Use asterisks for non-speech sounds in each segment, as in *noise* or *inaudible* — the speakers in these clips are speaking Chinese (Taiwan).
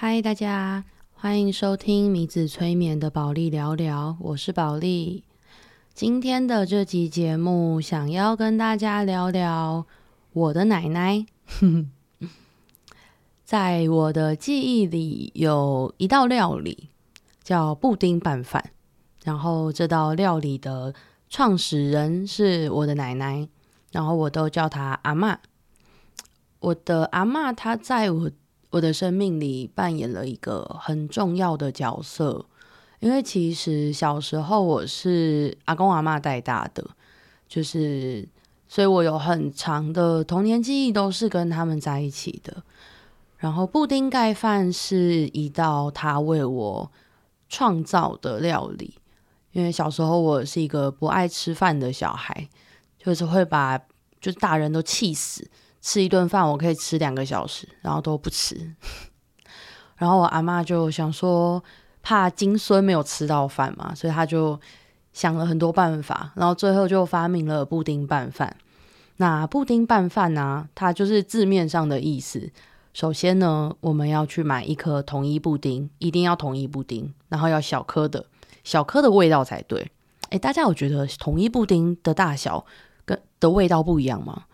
嗨，Hi, 大家歡迎收聽米子催眠的保利聊聊，我是保利。今天的這集節目，想要跟大家聊聊我的奶奶。 *laughs* 在我的記憶裡，有一道料理叫布丁拌飯，然後這道料理的創始人是我的奶奶，然後我都叫她阿媽。我的阿媽她在我我的生命裡扮演了一個很重要的角色，因為其實小時候我是阿公阿媽帶大的，就是所以我有很長的童年記憶都是跟他們在一起的。然後布丁蓋飯是一道他為我創造的料理，因為小時候我是一個不愛吃飯的小孩，就是會把就是大人都氣死。吃一頓飯我可以吃兩個小時，然後都不吃。 *laughs* 然後我阿媽就想說，怕金孫沒有吃到飯嘛，所以她就想了很多辦法，然後最後就發明了布丁拌飯。那布丁拌飯呢、啊，它就是字面上的意思。首先呢，我們要去買一顆統一布丁，一定要統一布丁，然後要小顆的小顆的味道才對。誒、欸，大家有覺得統一布丁的大小跟的味道不一樣嗎？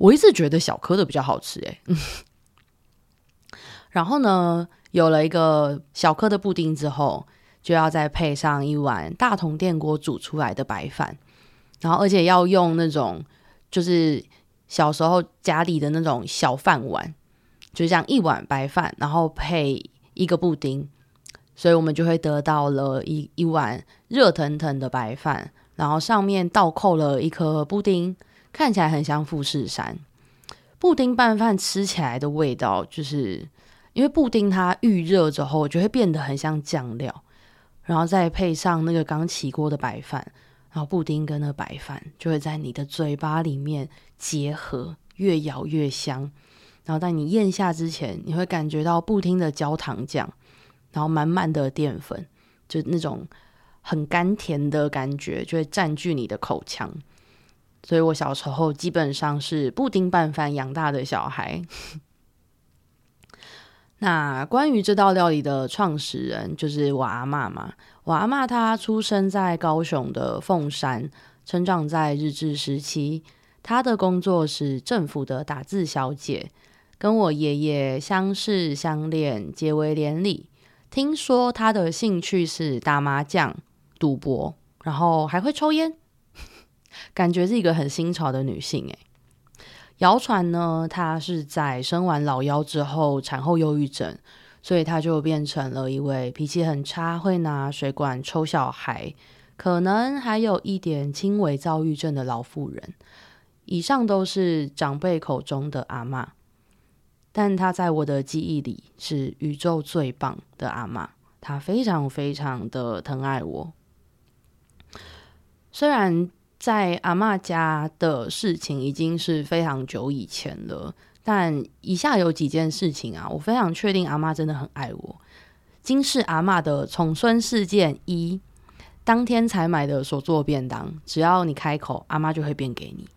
我一直覺得小顆的比較好吃哎、欸， *laughs* 然後呢，有了一個小顆的布丁之後，就要再配上一碗大同電鍋煮出來的白飯，然後而且要用那種就是小時候家裡的那種小飯碗，就這樣一碗白飯，然後配一個布丁，所以我們就會得到了一一碗熱騰騰的白飯，然後上面倒扣了一顆布丁。看起來很像富士山。布丁拌飯吃起來的味道，就是因為布丁它預熱之後，就會變得很像醬料，然後再配上那個剛起鍋的白飯，然後布丁跟那個白飯就會在你的嘴巴裡面結合，越咬越香，然後在你嚥下之前，你會感覺到布丁的焦糖醬，然後滿滿的澱粉，就那種很甘甜的感覺，就會佔據你的口腔。所以我小時候基本上是布丁拌飯養大的小孩。 *laughs* 那關於這道料理的創始人，就是我阿媽嘛。我阿媽她出生在高雄的鳳山，成長在日治時期。她的工作是政府的打字小姐，跟我爺爺相識相戀，結為連理。聽說她的興趣是打麻將、賭博，然後還會抽煙。感覺是一個很新潮的女性誒，謠傳呢，她是在生完老幺之後產後憂鬱症，所以她就變成了一位脾氣很差、會拿水管抽小孩，可能還有一點輕微躁鬱症的老婦人。以上都是長輩口中的阿媽，但她在我的記憶裡是宇宙最棒的阿媽，她非常非常的疼愛我，雖然。在阿媽家的事情已經是非常久以前了，但以下有幾件事情啊，我非常確定阿媽真的很愛我。驚世阿媽的寵孫事件一，當天才買的手作便當，只要你開口，阿媽就會變給你。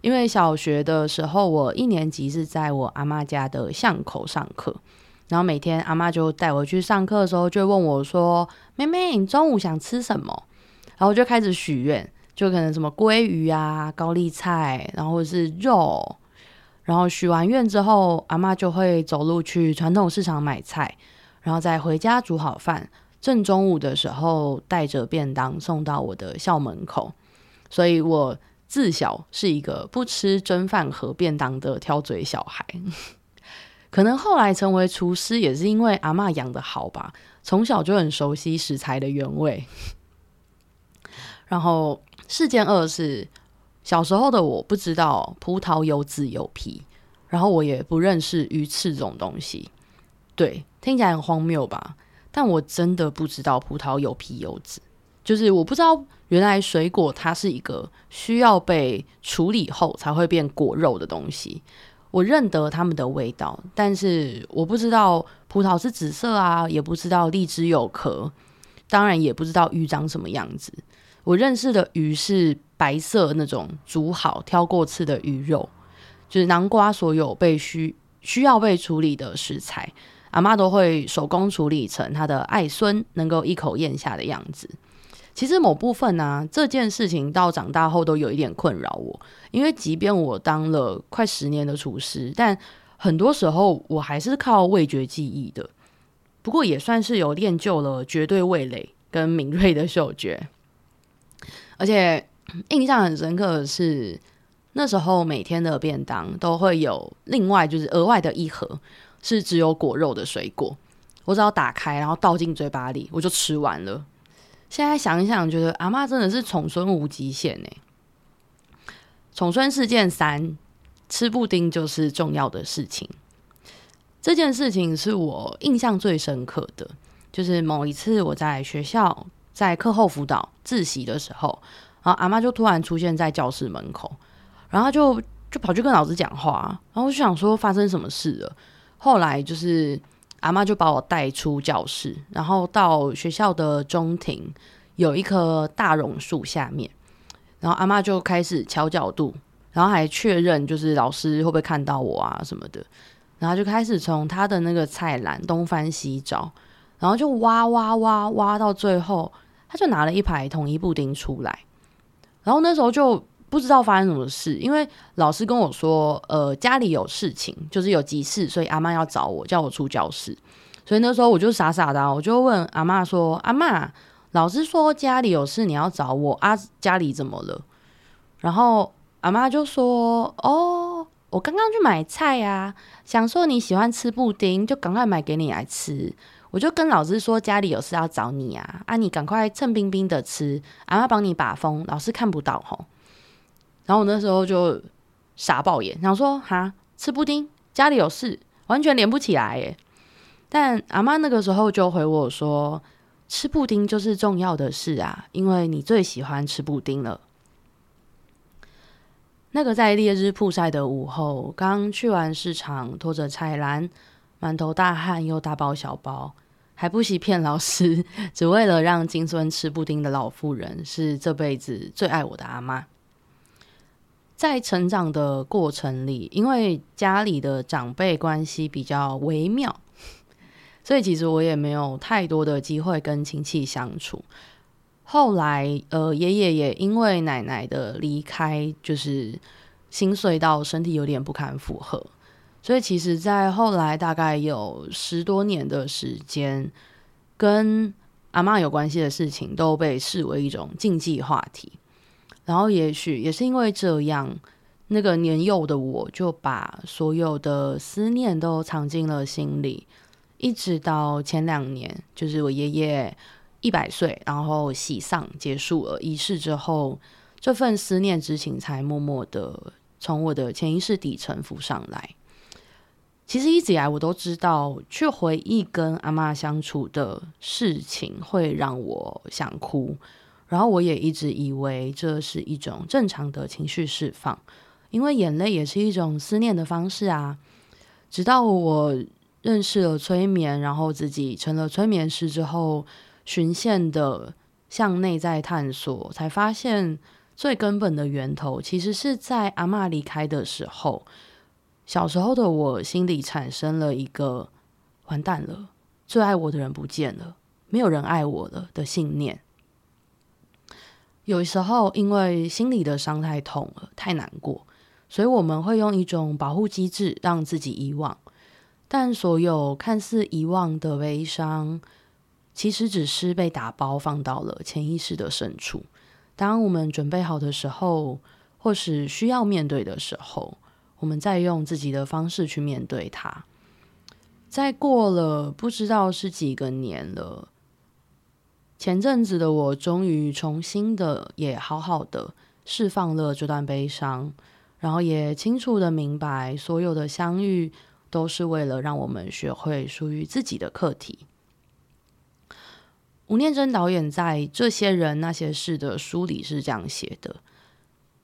因為小學的時候，我一年級是在我阿媽家的巷口上課，然後每天阿媽就帶我去上課的時候，就問我說：“妹妹，你中午想吃什麼？”然後我就開始許願。就可能什麼鮭魚啊、高麗菜，然後是肉，然後許完願之後，阿嬤就會走路去傳統市場買菜，然後再回家煮好飯。正中午的時候，帶着便當送到我的校門口，所以我自小是一個不吃蒸飯和便當的挑嘴小孩。 *laughs* 可能後來成為廚師，也是因為阿嬤養得好吧，從小就很熟悉食材的原味， *laughs* 然後。事件二是小時候的我不知道葡萄有籽、有皮，然後我也不認識魚翅這種東西。對，聽起來很荒謬吧？但我真的不知道葡萄有皮有籽，就是我不知道原來水果它是一個需要被處理後才會變果肉的東西。我認得它們的味道，但是我不知道葡萄是紫色啊，也不知道荔枝有殼，當然也不知道魚長什麼樣子。我認識的魚是白色那種煮好，挑過刺的魚肉，就是南瓜所有被需需要被處理的食材，阿媽都會手工處理成她的愛孫能夠一口嚥下的樣子。其實某部分呢、啊，這件事情到長大後都有一點困擾我，因為即便我當了快十年的廚師，但很多時候我還是靠味覺記憶的。不過也算是有練就了絕對味蕾跟敏銳的嗅覺。而且印象很深刻的是，那時候每天的便當都會有另外就是額外的一盒是只有果肉的水果，我只要打開然後倒進嘴巴裡我就吃完了。現在想一想，覺得阿媽真的是寵孫無極限哎、欸！寵孫事件三，吃布丁就是重要的事情。這件事情是我印象最深刻的，就是某一次我在學校。在課後輔導自習的時候，然後阿媽就突然出現在教室門口，然後就就跑去跟老師講話，然後我就想說發生什麼事了。後來就是阿媽就把我帶出教室，然後到學校的中庭有一棵大榕樹下面，然後阿媽就開始喬角度，然後還確認就是老師會不會看到我啊什麼的，然後就開始從她的那個菜籃東翻西找，然後就挖挖挖挖到最後。他就拿了一排統一布丁出來，然後那時候就不知道發生什麼事，因為老師跟我說，呃，家裡有事情，就是有急事，所以阿媽要找我，叫我出教室。所以那時候我就傻傻的，啊，我就問阿媽說：“阿媽，老師說家裡有事，你要找我啊？家裡怎麼了？”然後阿媽就說：“哦，我剛剛去買菜呀，啊，想說你喜歡吃布丁，就趕快買給你來吃。”我就跟老師說家裡有事要找你啊！啊！你趕快趁冰冰的吃，阿媽幫你把風，老師看不到吼。然後我那時候就傻爆眼，然後說，哈，吃布丁，家裡有事，完全連不起來耶！但阿媽那個時候就回我說，吃布丁就是重要的事啊，因為你最喜歡吃布丁了。那個在烈日曝曬的午後，剛去完市場，拖着菜籃，滿頭大汗又大包小包。還不惜騙老師，只為了讓金孫吃布丁的老婦人，是這輩子最愛我的阿媽。在成長的過程裡，因為家裡的長輩關係比較微妙，所以其實我也沒有太多的機會跟親戚相處。後來，呃，爺爺也因為奶奶的離開，就是心碎到身體有點不堪負荷。所以，其實，在後來大概有十多年的時間，跟阿媽有關係的事情都被視為一種禁忌話題。然後，也許也是因為這樣，那個年幼的我就把所有的思念都藏進了心裡，一直到前兩年，就是我爺爺一百歲，然後喜喪結束了儀式之後，這份思念之情才默默的從我的潛意識底層浮上來。其實一直以來，我都知道去回憶跟阿媽相處的事情會讓我想哭，然後我也一直以為這是一種正常的情緒釋放，因為眼淚也是一種思念的方式啊。直到我認識了催眠，然後自己成了催眠師之後，循線的向內在探索，才發現最根本的源頭其實是在阿媽離開的時候。小時候的我心裡產生了一個“完蛋了，最愛我的人不見了，沒有人愛我了”的信念。有時候，因為心裡的傷太痛了、太難過，所以我們會用一種保護機制讓自己遺忘。但所有看似遺忘的悲傷，其實只是被打包放到了潛意識的深處。當我們準備好的時候，或是需要面對的時候，我們再用自己的方式去面對他。再過了不知道是幾個年了，前陣子的我終於重新的也好好的釋放了這段悲傷，然後也清楚的明白，所有的相遇都是為了讓我們學會屬於自己的課題。吳念真導演在《這些人那些事》的書裡是這樣寫的：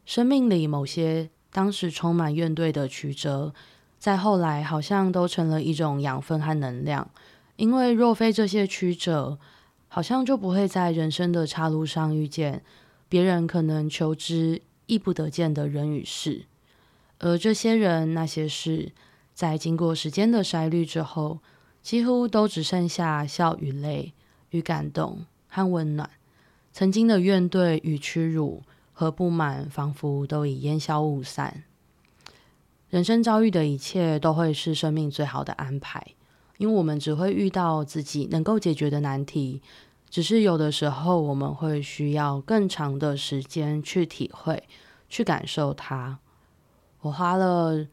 生命裡某些當時充滿怨懟的曲折，在後來好像都成了一種養分和能量，因為若非這些曲折，好像就不會在人生的岔路上遇見別人可能求之亦不得見的人與事，而這些人那些事，在經過時間的篩濾之後，幾乎都只剩下笑與淚與感動和溫暖，曾經的怨懟與屈辱。和不滿仿佛都已煙消霧散。人生遭遇的一切都會是生命最好的安排，因為我們只會遇到自己能夠解決的難題，只是有的時候我們會需要更長的時間去體會、去感受它。我花了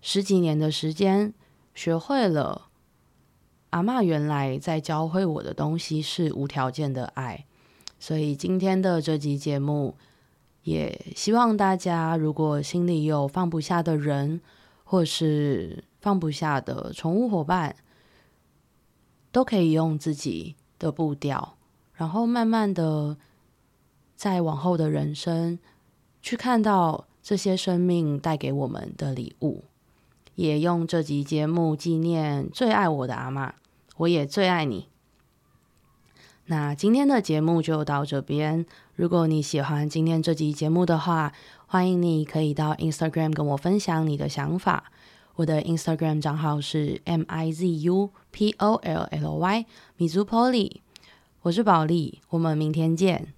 十幾年的時間，學會了阿嬤原來在教會我的東西是無條件的愛，所以今天的這集節目，也希望大家，如果心裡有放不下的人，或是放不下的寵物夥伴，都可以用自己的步調，然後慢慢的，在往後的人生，去看到這些生命帶給我們的禮物。也用這集節目紀念最愛我的阿媽，我也最愛你。那今天的節目就到這邊。如果你喜歡今天這集節目的話，歡迎你可以到 Instagram 跟我分享你的想法。我的 Instagram 賬號是 M I Z U P O L L Y 米茲 Polly，我是保利。我們明天見。